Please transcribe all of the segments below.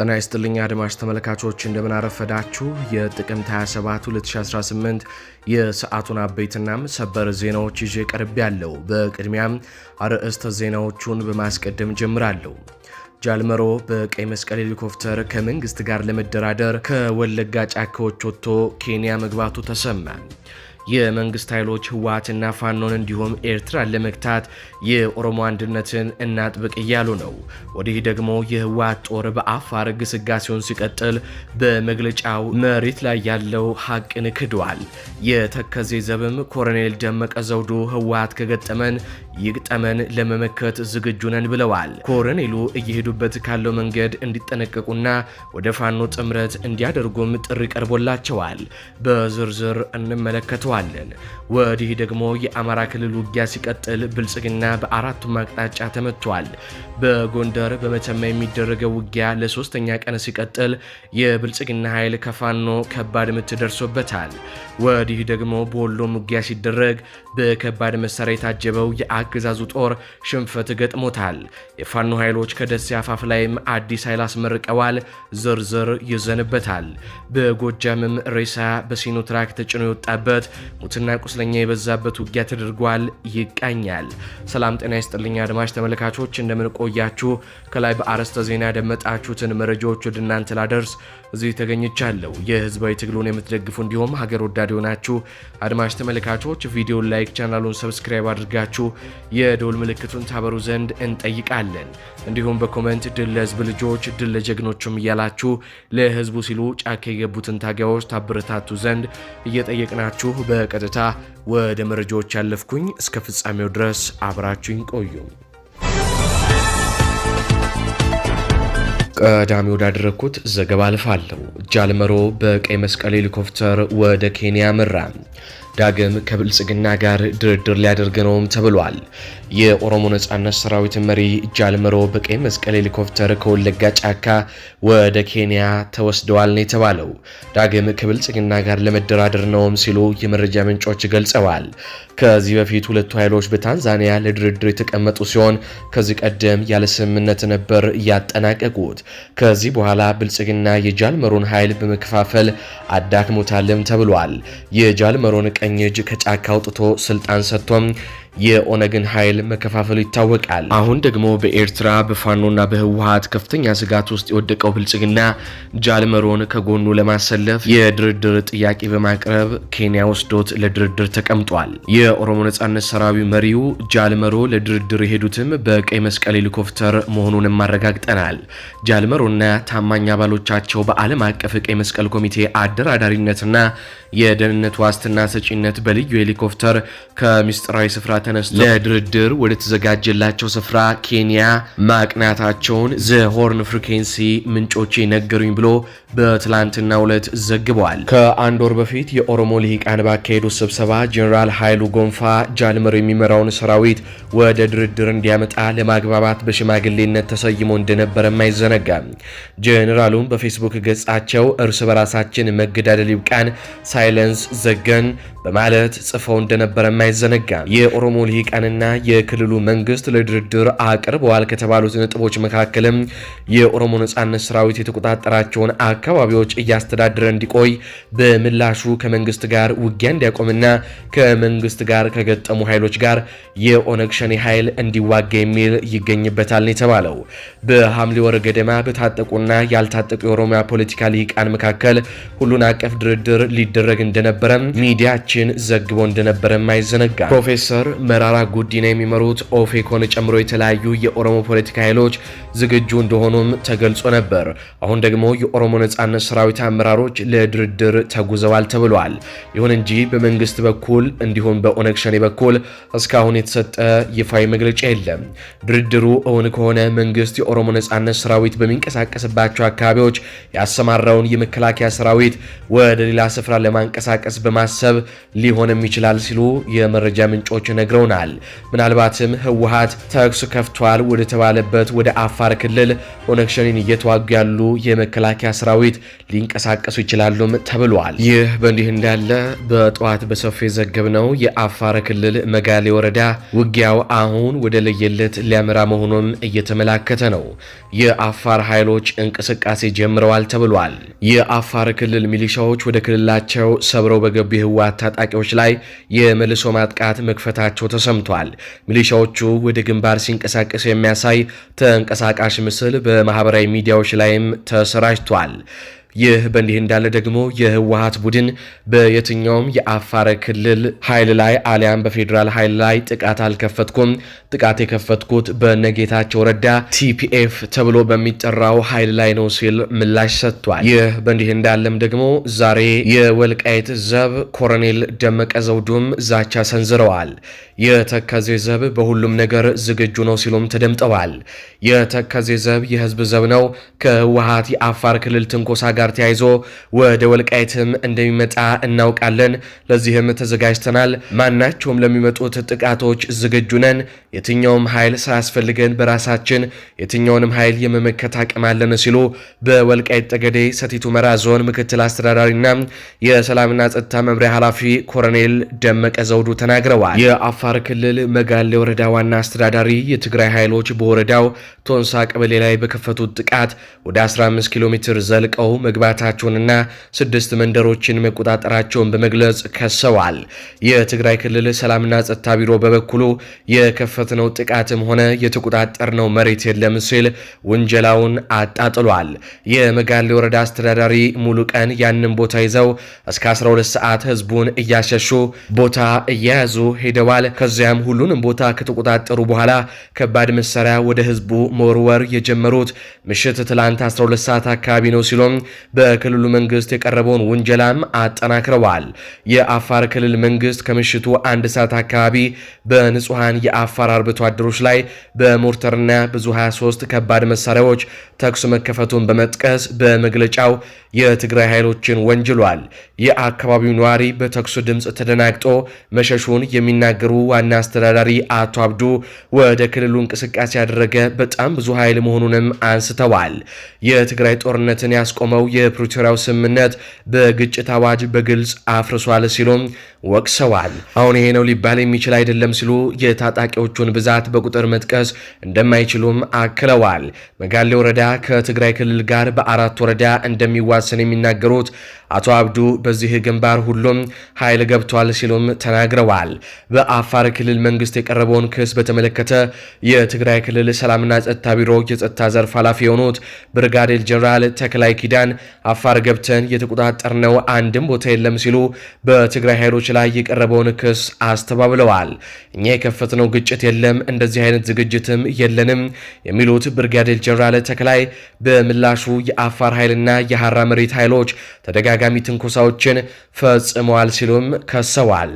ጤና ይስጥልኝ አድማጭ ተመልካቾች፣ እንደምናረፈዳችሁ የጥቅምት 27 2018 የሰዓቱን አበይትናም ሰበር ዜናዎች ይዤ ቀርብ ያለው። በቅድሚያም አርዕስተ ዜናዎቹን በማስቀደም ጀምራለሁ። ጃልመሮ በቀይ መስቀል ሄሊኮፕተር ከመንግስት ጋር ለመደራደር ከወለጋ ጫካዎች ወጥቶ ኬንያ መግባቱ ተሰማ። የመንግስት ኃይሎች ህወሓትና ፋኖን እንዲሁም ኤርትራን ለመግታት የኦሮሞ አንድነትን እናጥብቅ እያሉ ነው። ወዲህ ደግሞ የህወሓት ጦር በአፋር ግስጋሴውን ሲቀጥል በመግለጫው መሬት ላይ ያለው ሀቅን ክዷል። የተከዜ ዘብም ኮሎኔል ደመቀ ዘውዱ ህወሓት ከገጠመን ይግጠመን ለመመከት ዝግጁ ነን ብለዋል። ኮረኔሉ እየሄዱበት ካለው መንገድ እንዲጠነቀቁና ወደ ፋኖ ጥምረት እንዲያደርጉም ጥሪ ቀርቦላቸዋል። በዝርዝር እንመለከተዋለን። ወዲህ ደግሞ የአማራ ክልል ውጊያ ሲቀጥል ብልጽግና በአራቱም አቅጣጫ ተመቷል። በጎንደር በመተማ የሚደረገው ውጊያ ለሶስተኛ ቀን ሲቀጥል የብልጽግና ኃይል ከፋኖ ከባድ ምት ደርሶበታል። ወዲህ ደግሞ በወሎም ውጊያ ሲደረግ በከባድ መሳሪያ የታጀበው የአገዛዙ ጦር ሽንፈት ገጥሞታል። የፋኖ ኃይሎች ከደሴ አፋፍ ላይም አዲስ ኃይል አስመርቀዋል። ዝርዝር ይዘንበታል። በጎጃምም ሬሳ በሲኖ ትራክ ተጭኖ የወጣበት ሙትና ቁስለኛ የበዛበት ውጊያ ተደርጓል። ይቃኛል። ሰላም ጤና ይስጥልኛ አድማጭ ተመልካቾች እንደምንቆ ቆያችሁ። ከላይ በአርዕስተ ዜና ያደመጣችሁትን መረጃዎች ወደ እናንተ ላደርስ እዚህ ተገኝቻለሁ። የህዝባዊ ትግሉን የምትደግፉ እንዲሁም ሀገር ወዳድ የሆናችሁ አድማጭ ተመልካቾች ቪዲዮን ላይክ፣ ቻናሉን ሰብስክራይብ አድርጋችሁ የደውል ምልክቱን ታበሩ ዘንድ እንጠይቃለን። እንዲሁም በኮመንት ድል ለህዝብ ልጆች ድል ለጀግኖችም እያላችሁ ለህዝቡ ሲሉ ጫካ የገቡትን ታጋዮች ታበረታቱ ዘንድ እየጠየቅናችሁ በቀጥታ ወደ መረጃዎች ያለፍኩኝ እስከ ፍጻሜው ድረስ አብራችሁኝ ቆዩም። ቀዳሚ ወዳደረግኩት ዘገባ አልፋለሁ። ጃልመሮ በቀይ መስቀል ሄሊኮፕተር ወደ ኬንያ ምራ። ዳግም ከብልጽግና ጋር ድርድር ሊያደርግ ነውም ተብሏል። የኦሮሞ ነጻነት ሰራዊት መሪ ጃልመሮ በቀይ መስቀል ሄሊኮፕተር ከወለጋ ጫካ ወደ ኬንያ ተወስደዋል ነው የተባለው። ዳግም ከብልጽግና ጋር ለመደራደር ነውም ሲሉ የመረጃ ምንጮች ገልጸዋል። ከዚህ በፊት ሁለቱ ኃይሎች በታንዛኒያ ለድርድር የተቀመጡ ሲሆን ከዚህ ቀደም ያለ ስምምነት ነበር እያጠናቀቁት። ከዚህ በኋላ ብልጽግና የጃልመሮን ኃይል በመከፋፈል አዳክሞታልም ተብሏል። የጃልመሮን ቀ ቀኝ እጅ ከጫካ አውጥቶ ስልጣን ሰጥቶም የኦነግን ኃይል መከፋፈሉ ይታወቃል። አሁን ደግሞ በኤርትራ በፋኖና በህወሀት ከፍተኛ ስጋት ውስጥ የወደቀው ብልጽግና ጃልመሮን ከጎኑ ለማሰለፍ የድርድር ጥያቄ በማቅረብ ኬንያ ወስዶት ለድርድር ተቀምጧል። የኦሮሞ ነጻነት ሰራዊ መሪው ጃልመሮ ለድርድር የሄዱትም በቀይ መስቀል ሄሊኮፕተር መሆኑንም አረጋግጠናል። ጃልመሮና ታማኝ አባሎቻቸው በዓለም አቀፍ ቀይ መስቀል ኮሚቴ አደራዳሪነትና የደህንነት ዋስትና ሰጪነት በልዩ ሄሊኮፕተር ከሚስጥራዊ ስፍራ ተነስተው ለድርድር ወደ ተዘጋጀላቸው ስፍራ ኬንያ ማቅናታቸውን ዘሆርን ፍሪኬንሲ ምንጮች ነገሩኝ ብሎ በትላንትና ዕለት ዘግበዋል። ከአንድ ወር በፊት የኦሮሞ ልሂቃን ባካሄዱ ስብሰባ ጀኔራል ኃይሉ ጎንፋ ጃልመር የሚመራውን ሰራዊት ወደ ድርድር እንዲያመጣ ለማግባባት በሽማግሌነት ተሰይሞ እንደነበረም አይዘነጋም። ጀኔራሉም በፌስቡክ ገጻቸው እርስ በራሳችን መገዳደል ይብቃን፣ ሳይለንስ ዘገን በማለት ጽፈው እንደነበረም አይዘነጋም። የኦሮሞ የኦሮሞ ልሂቃንና የክልሉ መንግስት ለድርድር አቅርበዋል ከተባሉት ነጥቦች መካከልም የኦሮሞ ነጻነት ሰራዊት የተቆጣጠራቸውን አካባቢዎች እያስተዳደረ እንዲቆይ በምላሹ ከመንግስት ጋር ውጊያ እንዲያቆምና ከመንግስት ጋር ከገጠሙ ኃይሎች ጋር የኦነግ ሸኔ ኃይል እንዲዋጋ የሚል ይገኝበታል የተባለው። በሐምሌ ወር ገደማ በታጠቁና ያልታጠቁ የኦሮሚያ ፖለቲካ ሊቃን መካከል ሁሉን አቀፍ ድርድር ሊደረግ እንደነበረ ሚዲያችን ዘግቦ እንደነበረም አይዘነጋም። ፕሮፌሰር መራራ ጉዲና የሚመሩት ኦፌኮን ጨምሮ የተለያዩ የኦሮሞ ፖለቲካ ኃይሎች ዝግጁ እንደሆኑም ተገልጾ ነበር። አሁን ደግሞ የኦሮሞ ነጻነት ሰራዊት አመራሮች ለድርድር ተጉዘዋል ተብሏል። ይሁን እንጂ በመንግስት በኩል እንዲሁም በኦነግ ሸኔ በኩል እስካሁን የተሰጠ ይፋዊ መግለጫ የለም። ድርድሩ እውን ከሆነ መንግስት የኦሮሞ ነጻነት ሰራዊት በሚንቀሳቀስባቸው አካባቢዎች ያሰማራውን የመከላከያ ሰራዊት ወደ ሌላ ስፍራ ለማንቀሳቀስ በማሰብ ሊሆንም ይችላል ሲሉ የመረጃ ምንጮች ተነግረውናል። ምናልባትም ህወሀት ተኩስ ከፍቷል ወደ ተባለበት ወደ አፋር ክልል ኦነግ ሸኔን እየተዋጉ ያሉ የመከላከያ ሰራዊት ሊንቀሳቀሱ ይችላሉም ተብሏል። ይህ በእንዲህ እንዳለ በጠዋት በሰፊው የዘገብነው የአፋር ክልል መጋሌ ወረዳ ውጊያው አሁን ወደ ለየለት ሊያመራ መሆኑን እየተመላከተ ነው። የአፋር ኃይሎች እንቅስቃሴ ጀምረዋል ተብሏል። የአፋር ክልል ሚሊሻዎች ወደ ክልላቸው ሰብረው በገቡ የህወሀት ታጣቂዎች ላይ የመልሶ ማጥቃት መክፈታቸው መሆናቸው ተሰምቷል። ሚሊሻዎቹ ወደ ግንባር ሲንቀሳቀሱ የሚያሳይ ተንቀሳቃሽ ምስል በማህበራዊ ሚዲያዎች ላይም ተሰራጭቷል። ይህ በእንዲህ እንዳለ ደግሞ የህወሀት ቡድን በየትኛውም የአፋር ክልል ኃይል ላይ አሊያም በፌዴራል ኃይል ላይ ጥቃት አልከፈትኩም፣ ጥቃት የከፈትኩት በነጌታቸው ረዳ ቲፒኤፍ ተብሎ በሚጠራው ኃይል ላይ ነው ሲል ምላሽ ሰጥቷል። ይህ በእንዲህ እንዳለም ደግሞ ዛሬ የወልቃይት ዘብ ኮሎኔል ደመቀ ዘውዱም ዛቻ ሰንዝረዋል። የተከዜ ዘብ በሁሉም ነገር ዝግጁ ነው ሲሉም ተደምጠዋል። የተከዜ ዘብ የህዝብ ዘብ ነው ከህወሀት የአፋር ክልል ትንኮሳ ጋር ጋር ተያይዞ ወደ ወልቃይትም እንደሚመጣ እናውቃለን። ለዚህም ተዘጋጅተናል። ማናቸውም ለሚመጡት ጥቃቶች ዝግጁ ነን። የትኛውም ኃይል ሳያስፈልገን በራሳችን የትኛውንም ኃይል የመመከት አቅም አለን ሲሉ በወልቃይት ጠገዴ ሰቲት ሁመራ ዞን ምክትል አስተዳዳሪና የሰላምና ጸጥታ መምሪያ ኃላፊ ኮሎኔል ደመቀ ዘውዱ ተናግረዋል። የአፋር ክልል መጋሌ ወረዳ ዋና አስተዳዳሪ የትግራይ ኃይሎች በወረዳው ቶንሳ ቀበሌ ላይ በከፈቱት ጥቃት ወደ 15 ኪሎ ሜትር ዘልቀው መግባታቸውንና ስድስት መንደሮችን መቆጣጠራቸውን በመግለጽ ከሰዋል። የትግራይ ክልል ሰላምና ጸጥታ ቢሮ በበኩሉ የከፈትነው ጥቃትም ሆነ የተቆጣጠርነው መሬት የለም ሲል ውንጀላውን አጣጥሏል። የመጋሌ ወረዳ አስተዳዳሪ ሙሉ ቀን ያንን ቦታ ይዘው እስከ 12 ሰዓት ህዝቡን እያሸሹ ቦታ እያያዙ ሄደዋል። ከዚያም ሁሉንም ቦታ ከተቆጣጠሩ በኋላ ከባድ መሳሪያ ወደ ህዝቡ መወርወር የጀመሩት ምሽት ትላንት 12 ሰዓት አካባቢ ነው ሲሎም በክልሉ መንግስት የቀረበውን ውንጀላም አጠናክረዋል። የአፋር ክልል መንግስት ከምሽቱ አንድ ሰዓት አካባቢ በንጹሐን የአፋር አርብቶ አደሮች ላይ በሞርተርና ብዙ 23 ከባድ መሳሪያዎች ተኩስ መከፈቱን በመጥቀስ በመግለጫው የትግራይ ኃይሎችን ወንጅሏል። የአካባቢው ነዋሪ በተኩሱ ድምፅ ተደናግጦ መሸሹን የሚናገሩ ዋና አስተዳዳሪ አቶ አብዱ ወደ ክልሉ እንቅስቃሴ ያደረገ በጣም ብዙ ኃይል መሆኑንም አንስተዋል። የትግራይ ጦርነትን ያስቆመው የፕሪቶሪያው ስምምነት በግጭት አዋጅ በግልጽ አፍርሷል ሲሉም ወቅሰዋል። አሁን ይሄ ነው ሊባል የሚችል አይደለም ሲሉ የታጣቂዎቹን ብዛት በቁጥር መጥቀስ እንደማይችሉም አክለዋል። መጋሌ ወረዳ ከትግራይ ክልል ጋር በአራት ወረዳ እንደሚዋሰን የሚናገሩት አቶ አብዱ በዚህ ግንባር ሁሉም ኃይል ገብቷል ሲሉም ተናግረዋል። በአፋር ክልል መንግስት የቀረበውን ክስ በተመለከተ የትግራይ ክልል ሰላምና ጸጥታ ቢሮ የጸጥታ ዘርፍ ኃላፊ የሆኑት ብርጋዴር ጀኔራል ተክላይ ኪዳን አፋር ገብተን የተቆጣጠርነው አንድም ቦታ የለም ሲሉ በትግራይ ኃይሎች ላይ የቀረበውን ክስ አስተባብለዋል። እኛ የከፈትነው ግጭት የለም፣ እንደዚህ አይነት ዝግጅትም የለንም የሚሉት ብርጋዴር ጀኔራል ተክላይ በምላሹ የአፋር ኃይልና የሐራ መሬት ኃይሎች ተደጋጋሚ ትንኮሳዎችን ፈጽመዋል ሲሉም ከሰዋል።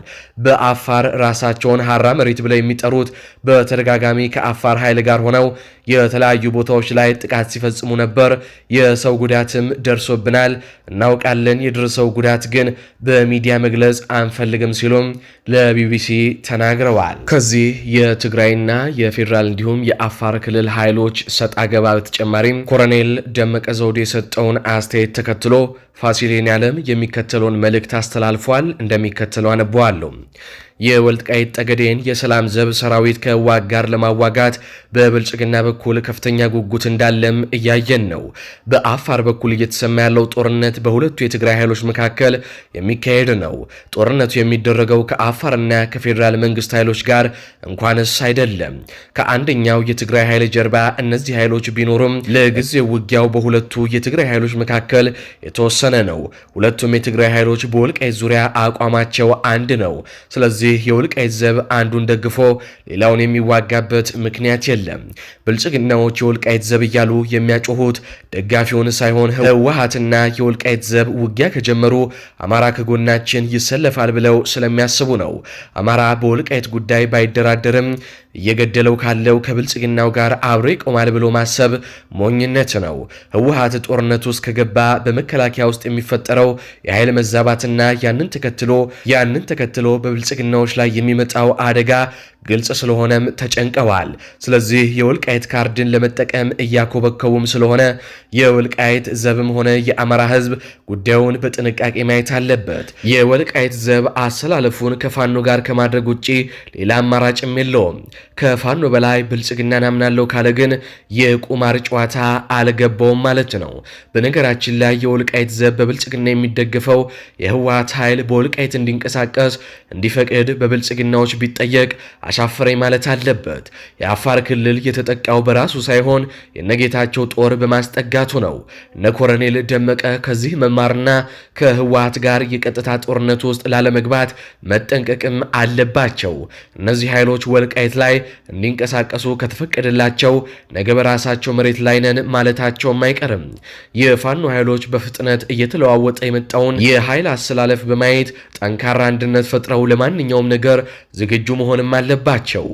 በአፋር ራሳቸውን ሐራ መሬት ብለው የሚጠሩት በተደጋጋሚ ከአፋር ኃይል ጋር ሆነው የተለያዩ ቦታዎች ላይ ጥቃት ሲፈጽሙ ነበር። የሰው ጉዳትም ደርሶብናል እናውቃለን፣ የደረሰው ጉዳት ግን በሚዲያ መግለጽ አንፈልግም ሲሉም ለቢቢሲ ተናግረዋል። ከዚህ የትግራይና የፌዴራል እንዲሁም የአፋር ክልል ኃይሎች ሰጥ አገባ በተጨማሪም ኮሎኔል ደመቀ ዘውዴ የሰጠውን አስተያየት ተከትሎ ፋሲሌን ያለም የሚከተለውን መልእክት አስተላልፏል። እንደሚከተለው አነበዋለሁ። የወልቃይት ጠገዴን የሰላም ዘብ ሰራዊት ከህወሓት ጋር ለማዋጋት በብልጽግና በኩል ከፍተኛ ጉጉት እንዳለም እያየን ነው። በአፋር በኩል እየተሰማ ያለው ጦርነት በሁለቱ የትግራይ ኃይሎች መካከል የሚካሄድ ነው። ጦርነቱ የሚደረገው ከአፋርና ከፌዴራል መንግስት ኃይሎች ጋር እንኳንስ አይደለም። ከአንደኛው የትግራይ ኃይል ጀርባ እነዚህ ኃይሎች ቢኖሩም ለጊዜው ውጊያው በሁለቱ የትግራይ ኃይሎች መካከል የተወሰነ ነው። ሁለቱም የትግራይ ኃይሎች በወልቃይት ዙሪያ አቋማቸው አንድ ነው። ስለዚህ ስለዚህ የወልቃይት ዘብ አንዱን ደግፎ ሌላውን የሚዋጋበት ምክንያት የለም። ብልጽግናዎች የወልቃይት ዘብ እያሉ የሚያጮሁት ደጋፊውን ሳይሆን ህወሀትና የወልቃይት ዘብ ውጊያ ከጀመሩ አማራ ከጎናችን ይሰለፋል ብለው ስለሚያስቡ ነው። አማራ በወልቃይት ጉዳይ ባይደራደርም እየገደለው ካለው ከብልጽግናው ጋር አብሮ ይቆማል ብሎ ማሰብ ሞኝነት ነው። ህወሀት ጦርነት ውስጥ ከገባ በመከላከያ ውስጥ የሚፈጠረው የኃይል መዛባትና ያንን ተከትሎ ያንን ተከትሎ በብልጽግናዎች ላይ የሚመጣው አደጋ ግልጽ ስለሆነም ተጨንቀዋል። ስለዚህ የወልቃይት ካርድን ለመጠቀም እያኮበከቡም ስለሆነ የወልቃይት ዘብም ሆነ የአማራ ህዝብ ጉዳዩን በጥንቃቄ ማየት አለበት። የወልቃይት ዘብ አሰላለፉን ከፋኖ ጋር ከማድረግ ውጭ ሌላ አማራጭም የለውም። ከፋኖ በላይ ብልጽግና አምናለሁ ካለ ግን የቁማር ጨዋታ አልገባውም ማለት ነው። በነገራችን ላይ የወልቃይት ዘብ በብልጽግና የሚደግፈው የህወሓት ኃይል በወልቃይት እንዲንቀሳቀስ እንዲፈቅድ በብልጽግናዎች ቢጠየቅ አሻፈረኝ ማለት አለበት። የአፋር ክልል የተጠቃው በራሱ ሳይሆን የነጌታቸው ጦር በማስጠጋቱ ነው። እነ ኮረኔል ደመቀ ከዚህ መማርና ከህወሓት ጋር የቀጥታ ጦርነት ውስጥ ላለመግባት መጠንቀቅም አለባቸው። እነዚህ ኃይሎች ወልቃይት ላይ ላይ እንዲንቀሳቀሱ ከተፈቀደላቸው ነገ በራሳቸው መሬት ላይ ነን ማለታቸውም አይቀርም። የፋኖ ኃይሎች በፍጥነት እየተለዋወጠ የመጣውን የኃይል አሰላለፍ በማየት ጠንካራ አንድነት ፈጥረው ለማንኛውም ነገር ዝግጁ መሆንም አለባቸው።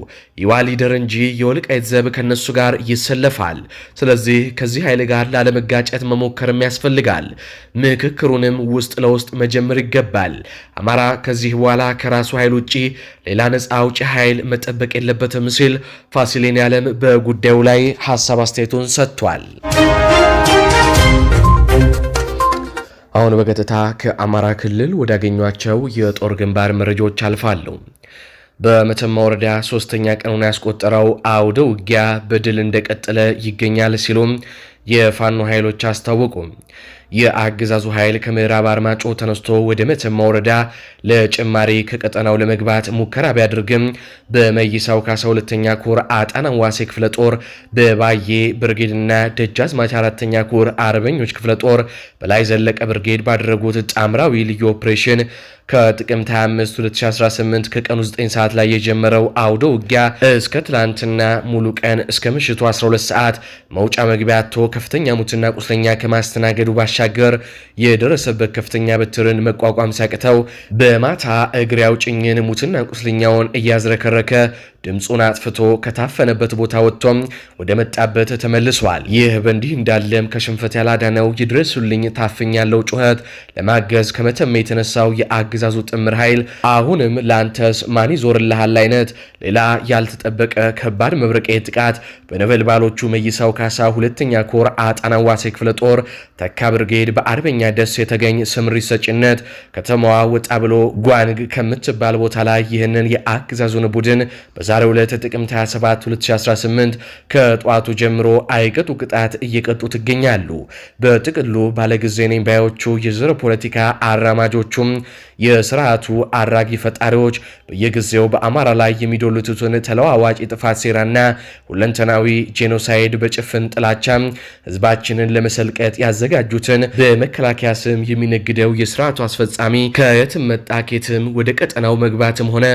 ይዋ ሊደር እንጂ የወልቃይት ዘብ ከነሱ ጋር ይሰለፋል። ስለዚህ ከዚህ ኃይል ጋር ላለመጋጨት መሞከርም ያስፈልጋል። ምክክሩንም ውስጥ ለውስጥ መጀመር ይገባል። አማራ ከዚህ በኋላ ከራሱ ኃይል ውጭ ሌላ ነፃ አውጪ ኃይል መጠበቅ የለበት የለበትም ሲል ፋሲሌን ያለም በጉዳዩ ላይ ሀሳብ አስተያየቱን ሰጥቷል። አሁን በቀጥታ ከአማራ ክልል ወዳገኟቸው የጦር ግንባር መረጃዎች አልፋለሁ። በመተማ ወረዳ ሶስተኛ ቀኑን ያስቆጠረው አውደ ውጊያ በድል እንደቀጠለ ይገኛል ሲሉም የፋኖ ኃይሎች አስታወቁ። የአገዛዙ ኃይል ከምዕራብ አርማጮ ተነስቶ ወደ መተማ ወረዳ ለጭማሪ ከቀጠናው ለመግባት ሙከራ ቢያደርግም በመይሳው ካሳ ሁለተኛ ኩር አጣና ዋሴ ክፍለ ጦር በባዬ ብርጌድና ደጃዝማች አራተኛ ኩር አርበኞች ክፍለ ጦር በላይ ዘለቀ ብርጌድ ባደረጉት ጣምራዊ ልዩ ኦፕሬሽን ከጥቅምት 25 2018 ከቀኑ 9 ሰዓት ላይ የጀመረው አውደ ውጊያ እስከ ትላንትና ሙሉ ቀን እስከ ምሽቱ 12 ሰዓት መውጫ መግቢያ አቶ ከፍተኛ ሙትና ቁስለኛ ከማስተናገዱ ባሻገር የደረሰበት ከፍተኛ በትርን መቋቋም ሲያቅተው በማታ እግሬ አውጭኝን ሙትና ቁስለኛውን እያዝረከረከ ድምፁን አጥፍቶ ከታፈነበት ቦታ ወጥቶም ወደ መጣበት ተመልሷል። ይህ በእንዲህ እንዳለም ከሽንፈት ያላዳነው ይድረሱልኝ ታፍኛለው ጩኸት ለማገዝ ከመተማ የተነሳው የአገዛዙ ጥምር ኃይል አሁንም ለአንተስ ማን ይዞርልሃል አይነት ሌላ ያልተጠበቀ ከባድ መብረቄ ጥቃት በነበልባሎቹ መይሳው ካሳ ሁለተኛ ኮር አጣናዋሴ ክፍለ ጦር ተካ ብርጌድ በአርበኛ ደስ የተገኝ ስምሪ ሰጭነት ከተማዋ ወጣ ብሎ ጓንግ ከምትባል ቦታ ላይ ይህንን የአገዛዙን ቡድን በዛ በዛሬው ዕለት ጥቅምት 27 2018 ከጠዋቱ ጀምሮ አይቀጡ ቅጣት እየቀጡ ትገኛሉ። በጥቅሉ ባለጊዜ ነኝ ባዮቹ የዘር ፖለቲካ አራማጆቹም የስርዓቱ አራጊ ፈጣሪዎች በየጊዜው በአማራ ላይ የሚዶልቱትን ተለዋዋጭ የጥፋት ሴራና ሁለንተናዊ ጄኖሳይድ በጭፍን ጥላቻ ህዝባችንን ለመሰልቀጥ ያዘጋጁትን በመከላከያ ስም የሚነግደው የስርዓቱ አስፈጻሚ ከየትም መጣ ኬትም ወደ ቀጠናው መግባትም ሆነ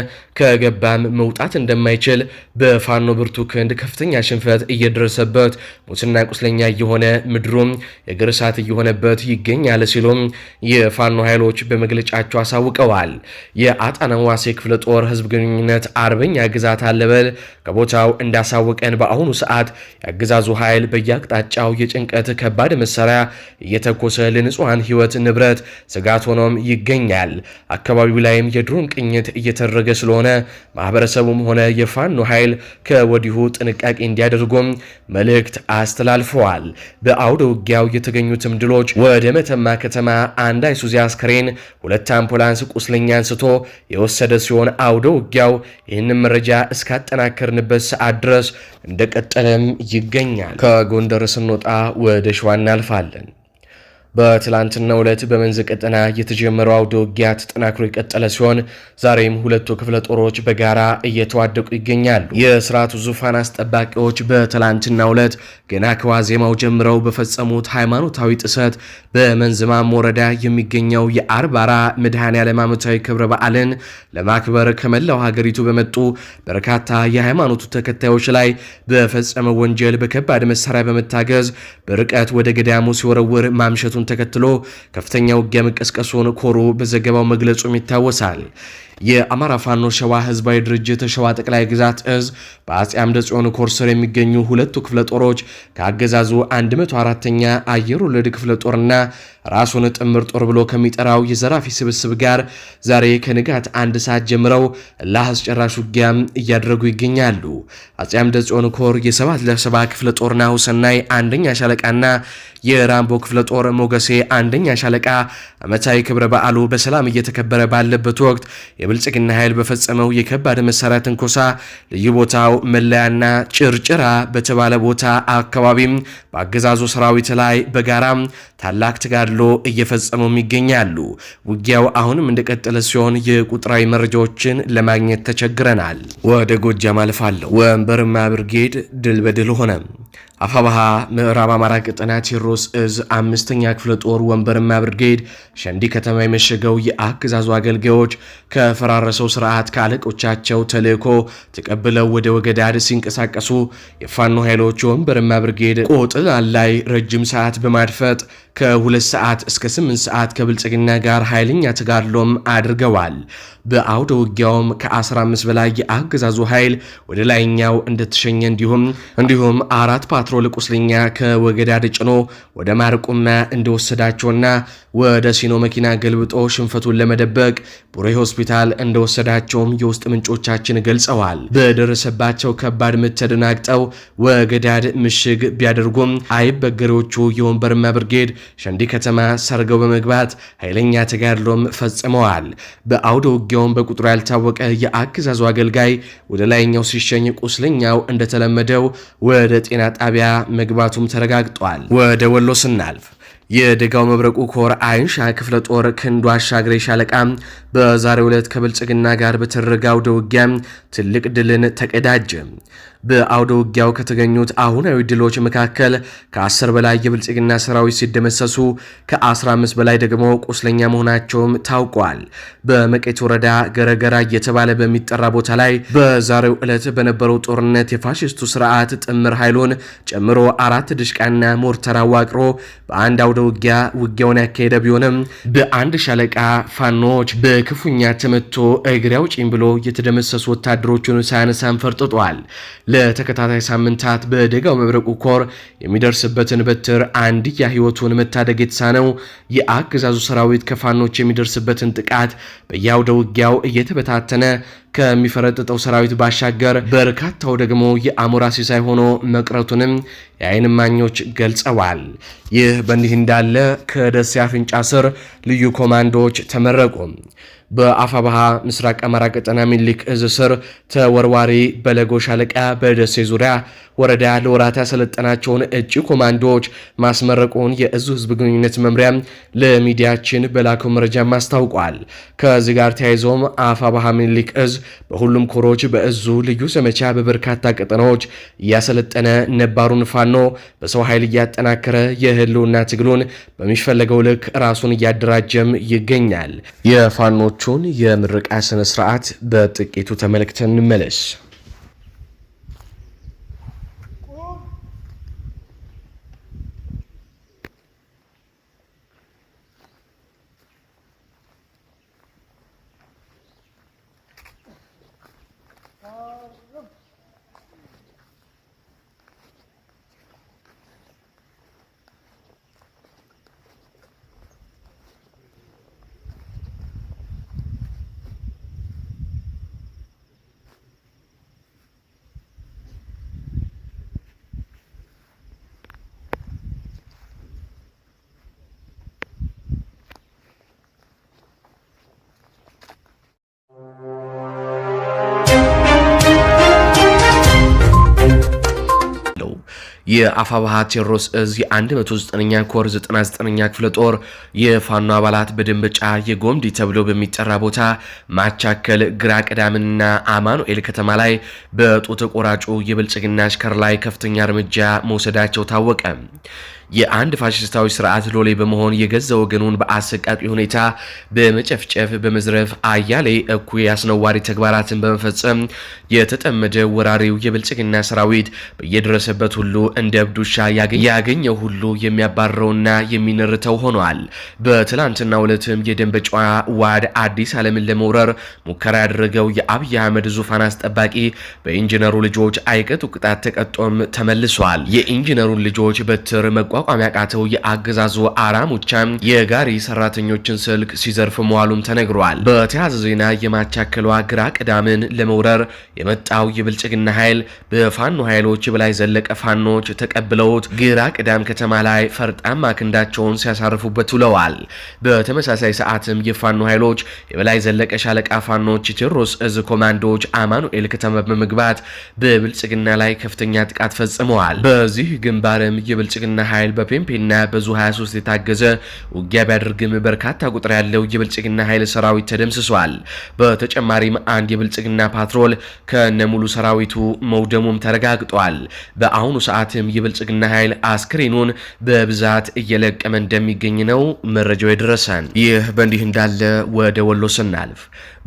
ከገባም መውጣት እንደ እንደማይችል በፋኖ ብርቱ ክንድ ከፍተኛ ሽንፈት እየደረሰበት ሙስና ቁስለኛ እየሆነ ምድሩም የእግር እሳት እየሆነበት ይገኛል ሲሉም የፋኖ ኃይሎች በመግለጫቸው አሳውቀዋል። የአጣና ዋሴ ክፍለ ጦር ህዝብ ግንኙነት አርበኛ ግዛት አለበል ከቦታው እንዳሳወቀን በአሁኑ ሰዓት የአገዛዙ ኃይል በየአቅጣጫው የጭንቀት ከባድ መሳሪያ እየተኮሰ ለንጹሐን ህይወት ንብረት ስጋት ሆኖም ይገኛል። አካባቢው ላይም የድሮን ቅኝት እየተደረገ ስለሆነ ማህበረሰቡም ሆነ የፋኖ ኃይል ከወዲሁ ጥንቃቄ እንዲያደርጉም መልእክት አስተላልፈዋል። በአውደ ውጊያው የተገኙትም ድሎች ወደ መተማ ከተማ አንድ አይሱዚ አስከሬን፣ ሁለት አምቡላንስ ቁስለኛ አንስቶ የወሰደ ሲሆን አውደ ውጊያው ይህንን መረጃ እስካጠናከርንበት ሰዓት ድረስ እንደቀጠለም ይገኛል። ከጎንደር ስንወጣ ወደ ሸዋ እናልፋለን። በትላንትና ዕለት በመንዝ ቀጠና የተጀመረው አውደ ውጊያ ተጠናክሮ የቀጠለ ሲሆን ዛሬም ሁለቱ ክፍለ ጦሮች በጋራ እየተዋደቁ ይገኛሉ። የስርዓቱ ዙፋን አስጠባቂዎች በትላንትና ዕለት ገና ከዋዜማው ጀምረው በፈጸሙት ሃይማኖታዊ ጥሰት በመንዝማም ወረዳ የሚገኘው የአርባራ መድኃኔዓለም ዓመታዊ ክብረ በዓልን ለማክበር ከመላው ሀገሪቱ በመጡ በርካታ የሃይማኖቱ ተከታዮች ላይ በፈጸመው ወንጀል በከባድ መሳሪያ በመታገዝ በርቀት ወደ ገዳሙ ሲወረውር ማምሸቱን መውጣቱን ተከትሎ ከፍተኛ ውጊያ መቀስቀሱን ኮሩ በዘገባው መግለጹም ይታወሳል። የአማራ ፋኖ ሸዋ ህዝባዊ ድርጅት ሸዋ ጠቅላይ ግዛት እዝ በአጼ አምደ ጽዮን ኮር ስር የሚገኙ ሁለቱ ክፍለ ጦሮች ከአገዛዙ 104ኛ አየር ወለድ ክፍለ ጦርና ራሱን ጥምር ጦር ብሎ ከሚጠራው የዘራፊ ስብስብ ጋር ዛሬ ከንጋት አንድ ሰዓት ጀምረው ለአስጨራሽ ውጊያ እያደረጉ ይገኛሉ። አጼ አምደ ጽዮን ኮር የሰባት ለሰባ ክፍለ ጦርና ሁሰናይ አንደኛ ሻለቃና የራምቦ ክፍለ ጦር ሞገሴ አንደኛ ሻለቃ ዓመታዊ ክብረ በዓሉ በሰላም እየተከበረ ባለበት ወቅት የብልጽግና ኃይል በፈጸመው የከባድ መሳሪያ ትንኮሳ ልዩ ቦታው መለያና ጭርጭራ በተባለ ቦታ አካባቢም በአገዛዙ ሰራዊት ላይ በጋራም ታላቅ ተጋድሎ እየፈጸሙም ይገኛሉ። ውጊያው አሁንም እንደቀጠለ ሲሆን የቁጥራዊ መረጃዎችን ለማግኘት ተቸግረናል። ወደ ጎጃም አልፋለሁ። ወንበርማ ብርጌድ ድል በድል ሆነ። አፋባሃ ምዕራብ አማራ ቅጠና ቴዎድሮስ እዝ አምስተኛ ክፍለ ጦር ወንበርማ ብርጌድ ሸንዲ ከተማ የመሸገው የአገዛዙ አገልጋዮች ከፈራረሰው ስርዓት ከአለቆቻቸው ተልእኮ ተቀብለው ወደ ወገዳድ ሲንቀሳቀሱ የፋኖ ኃይሎች ወንበርማ ብርጌድ ቆጥላ ላይ ረጅም ሰዓት በማድፈጥ ከሁለት ሰዓት እስከ ስምንት ሰዓት ከብልጽግና ጋር ኃይለኛ ተጋድሎም አድርገዋል። በአውደ ውጊያውም ከ15 በላይ የአገዛዙ ኃይል ወደ ላይኛው እንደተሸኘ እንዲሁም እንዲሁም አራት ፓትሮ የፓትሮል ቁስለኛ ከወገዳድ ጭኖ ወደ ማርቁና እንደወሰዳቸውና ወደ ሲኖ መኪና ገልብጦ ሽንፈቱን ለመደበቅ ቡሬ ሆስፒታል እንደወሰዳቸውም የውስጥ ምንጮቻችን ገልጸዋል። በደረሰባቸው ከባድ ምት ተደናግጠው ወገዳድ ምሽግ ቢያደርጉም አይበገሬዎቹ የወንበርማ ብርጌድ ሸንዲ ከተማ ሰርገው በመግባት ኃይለኛ ተጋድሎም ፈጽመዋል። በአውደ ውጊያውም በቁጥሩ ያልታወቀ የአገዛዙ አገልጋይ ወደ ላይኛው ሲሸኝ፣ ቁስለኛው እንደተለመደው ወደ ጤና ጣቢያ ጣቢያ መግባቱም ተረጋግጧል። ወደ ወሎ ስናልፍ የደጋው መብረቁ ኮር አይን ሻ ክፍለ ጦር ክንዱ አሻግሬ ሻለቃ በዛሬው ዕለት ከብልጽግና ጋር በተደረገ አውደ ውጊያ ትልቅ ድልን ተቀዳጀ። በአውደ ውጊያው ከተገኙት አሁናዊ ድሎች መካከል ከ10 በላይ የብልጽግና ሰራዊት ሲደመሰሱ ከ15 በላይ ደግሞ ቁስለኛ መሆናቸውም ታውቋል። በመቄት ወረዳ ገረገራ እየተባለ በሚጠራ ቦታ ላይ በዛሬው ዕለት በነበረው ጦርነት የፋሽስቱ ስርዓት ጥምር ኃይሉን ጨምሮ አራት ድሽቃና ሞርተር አዋቅሮ በአንድ አውደ ውጊያ ውጊያውን ያካሄደ ቢሆንም በአንድ ሻለቃ ፋኖች በክፉኛ ተመቶ እግሬ አውጪኝ ብሎ የተደመሰሱ ወታደሮቹን ሳያነሳን ፈርጥጧል። ለተከታታይ ሳምንታት በደጋው መብረቁ ኮር የሚደርስበትን በትር አንድያ ህይወቱን መታደግ የተሳነው የአገዛዙ ሰራዊት ከፋኖች የሚደርስበትን ጥቃት በያውደ ውጊያው እየተበታተነ ከሚፈረጥጠው ሰራዊት ባሻገር በርካታው ደግሞ የአሞራ ሲሳይ ሆኖ መቅረቱንም የአይን ማኞች ገልጸዋል። ይህ በእንዲህ እንዳለ ከደሴ አፍንጫ ስር ልዩ ኮማንዶዎች ተመረቁ። በአፋባሃ ምስራቅ አማራ ቀጠና ሚኒሊክ እዝ ስር ተወርዋሪ በለጎ ሻለቃ በደሴ ዙሪያ ወረዳ ለወራት ያሰለጠናቸውን እጭ ኮማንዶዎች ማስመረቁን የእዙ ህዝብ ግንኙነት መምሪያ ለሚዲያችን በላከው መረጃም አስታውቋል። ከዚህ ጋር ተያይዞም አፋባሃ ሚኒሊክ እዝ በሁሉም ኮሮች በእዙ ልዩ ዘመቻ በበርካታ ቀጠናዎች እያሰለጠነ ነባሩን ፋኖ በሰው ኃይል እያጠናከረ የህልውና ትግሉን በሚፈለገው ልክ ራሱን እያደራጀም ይገኛል። የፋኖቹ የተማሪዎቹን የምረቃ ስነ ስርዓት በጥቂቱ ተመልክተን እንመለስ። የአፋባሃ ቴዎድሮስ እዝ የ109ኛ ኮር 99ኛ ክፍለ ጦር የፋኖ አባላት በደንበጫ የጎምዲ ተብሎ በሚጠራ ቦታ ማቻከል ግራ ቅዳምና አማኑኤል ከተማ ላይ በጡት ቆራጩ የብልጽግና አሽከር ላይ ከፍተኛ እርምጃ መውሰዳቸው ታወቀ። የአንድ ፋሽስታዊ ስርዓት ሎሌ በመሆን የገዛ ወገኑን በአሰቃቂ ሁኔታ በመጨፍጨፍ በመዝረፍ አያሌ እኩይ አስነዋሪ ተግባራትን በመፈጸም የተጠመደ ወራሪው የብልጽግና ሰራዊት በየደረሰበት ሁሉ እንደ ብዱሻ ያገኘው ሁሉ የሚያባረውና የሚነርተው ሆኗል። ሁለትም ዕለትም የደንበጫ ዋድ አዲስ ዓለምን ለመውረር ሙከራ ያደረገው የአብይ አህመድ ዙፋን አስጠባቂ በኢንጂነሩ ልጆች አይቀጡ ቅጣት ተቀጦም ተመልሷል። የኢንጂነሩን ልጆች በትር መቋ መቋቋም ያቃተው የአገዛዙ አራሙቻ የጋሪ ሰራተኞችን ስልክ ሲዘርፍ መዋሉም ተነግሯል። በተያያዘ ዜና የማቻከሏ ግራ ቅዳምን ለመውረር የመጣው የብልጽግና ኃይል በፋኖ ኃይሎች የበላይ ዘለቀ ፋኖች ተቀብለውት ግራ ቅዳም ከተማ ላይ ፈርጣማ ክንዳቸውን ሲያሳርፉበት ውለዋል። በተመሳሳይ ሰዓትም የፋኖ ኃይሎች የበላይ ዘለቀ ሻለቃ ፋኖች ቴዎድሮስ እዝ ኮማንዶዎች አማኑኤል ከተማ በመግባት በብልጽግና ላይ ከፍተኛ ጥቃት ፈጽመዋል። በዚህ ግንባርም የብልጽግና ኃይል ኃይል በፔምፔና በዙ 23 የታገዘ ውጊያ ቢያደርግም በርካታ ቁጥር ያለው የብልጽግና ኃይል ሰራዊት ተደምስሷል። በተጨማሪም አንድ የብልጽግና ፓትሮል ከነሙሉ ሰራዊቱ መውደሙም ተረጋግጧል። በአሁኑ ሰዓትም የብልጽግና ኃይል አስክሬኑን በብዛት እየለቀመ እንደሚገኝ ነው መረጃው የደረሰን። ይህ በእንዲህ እንዳለ ወደ ወሎ ስናልፍ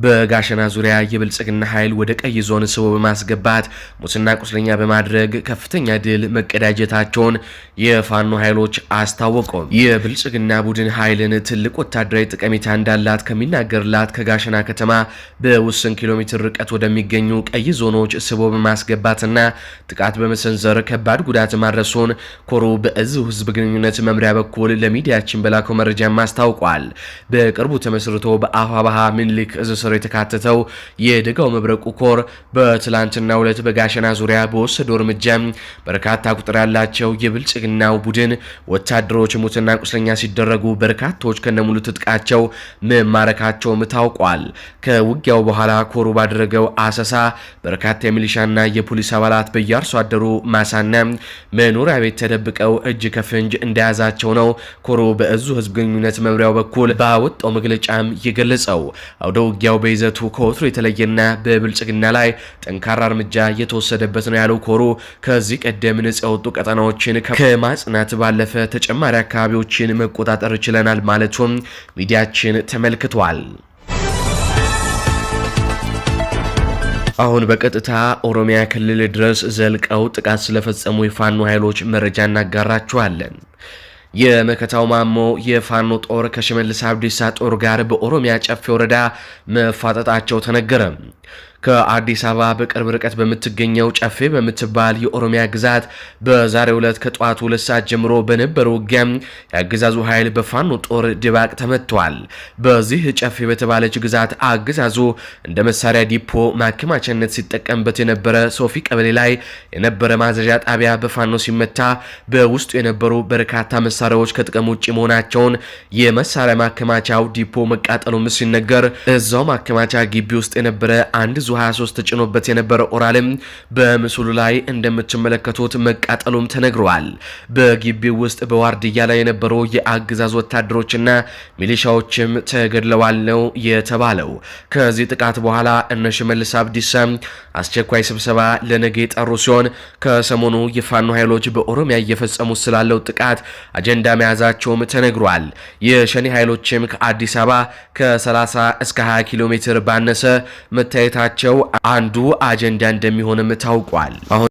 በጋሸና ዙሪያ የብልጽግና ኃይል ወደ ቀይ ዞን ስቦ በማስገባት ሙስና ቁስለኛ በማድረግ ከፍተኛ ድል መቀዳጀታቸውን የፋኖ ኃይሎች አስታወቁም። የብልጽግና ቡድን ኃይልን ትልቅ ወታደራዊ ጠቀሜታ እንዳላት ከሚናገርላት ከጋሸና ከተማ በውስን ኪሎ ሜትር ርቀት ወደሚገኙ ቀይ ዞኖች ስቦ በማስገባትና ጥቃት በመሰንዘር ከባድ ጉዳት ማድረሱን ኮሩ በእዝ ህዝብ ግንኙነት መምሪያ በኩል ለሚዲያችን በላከው መረጃም አስታውቋል። በቅርቡ ተመስርቶ በአፋባሃ ምኒልክ እዝ ስር የተካተተው የደጋው መብረቁ ኮር በትላንትና ሁለት በጋሸና ዙሪያ በወሰደው እርምጃ በርካታ ቁጥር ያላቸው የብልጽግናው ቡድን ወታደሮች ሙትና ቁስለኛ ሲደረጉ በርካታዎች ከነሙሉ ትጥቃቸው መማረካቸውም ታውቋል። ከውጊያው በኋላ ኮሩ ባደረገው አሰሳ በርካታ የሚሊሻና የፖሊስ አባላት በየአርሶ አደሩ ማሳና መኖሪያ ቤት ተደብቀው እጅ ከፍንጅ እንደያዛቸው ነው ኮሩ በእዙ ህዝብ ግንኙነት መምሪያው በኩል ባወጣው መግለጫም የገለጸው። አውደ ውጊያው ውጊያው በይዘቱ ከወትሮ የተለየና በብልጽግና ላይ ጠንካራ እርምጃ እየተወሰደበት ነው ያለው ኮሩ ከዚህ ቀደም ነጻ የወጡ ቀጠናዎችን ከማጽናት ባለፈ ተጨማሪ አካባቢዎችን መቆጣጠር ችለናል ማለቱም ሚዲያችን ተመልክቷል። አሁን በቀጥታ ኦሮሚያ ክልል ድረስ ዘልቀው ጥቃት ስለፈጸሙ የፋኖ ኃይሎች መረጃ እናጋራችኋለን። የመከታው ማሞ የፋኖ ጦር ከሽመልስ አብዲሳ ጦር ጋር በኦሮሚያ ጨፌ ወረዳ መፋጠጣቸው ተነገረ። ከአዲስ አበባ በቅርብ ርቀት በምትገኘው ጨፌ በምትባል የኦሮሚያ ግዛት በዛሬው ዕለት ከጠዋቱ ሁለት ሰዓት ጀምሮ በነበረ ውጊያም የአገዛዙ ኃይል በፋኖ ጦር ድባቅ ተመትቷል። በዚህ ጨፌ በተባለች ግዛት አገዛዙ እንደ መሳሪያ ዲፖ ማከማቻነት ሲጠቀምበት የነበረ ሶፊ ቀበሌ ላይ የነበረ ማዘዣ ጣቢያ በፋኖ ሲመታ በውስጡ የነበሩ በርካታ መሳሪያዎች ከጥቅም ውጭ መሆናቸውን የመሳሪያ ማከማቻው ዲፖ መቃጠሉም ሲነገር እዛው ማከማቻ ግቢ ውስጥ የነበረ አንድ ዙ 23 ተጭኖበት የነበረው ኦራልም በምስሉ ላይ እንደምትመለከቱት መቃጠሉም ተነግሯል። በግቢው ውስጥ በዋርድያ ላይ የነበሩ የአገዛዝ ወታደሮችና ሚሊሻዎችም ተገድለዋል ነው የተባለው። ከዚህ ጥቃት በኋላ እነ ሽመልስ አብዲሳ አስቸኳይ ስብሰባ ለነገ የጠሩ ሲሆን ከሰሞኑ የፋኖ ኃይሎች በኦሮሚያ እየፈጸሙ ስላለው ጥቃት አጀንዳ መያዛቸውም ተነግሯል። የሸኔ ኃይሎችም ከአዲስ አበባ ከ30 እስከ 20 ኪሎ ሜትር ባነሰ መታየታቸው መሆናቸው አንዱ አጀንዳ እንደሚሆንም ታውቋል። አሁን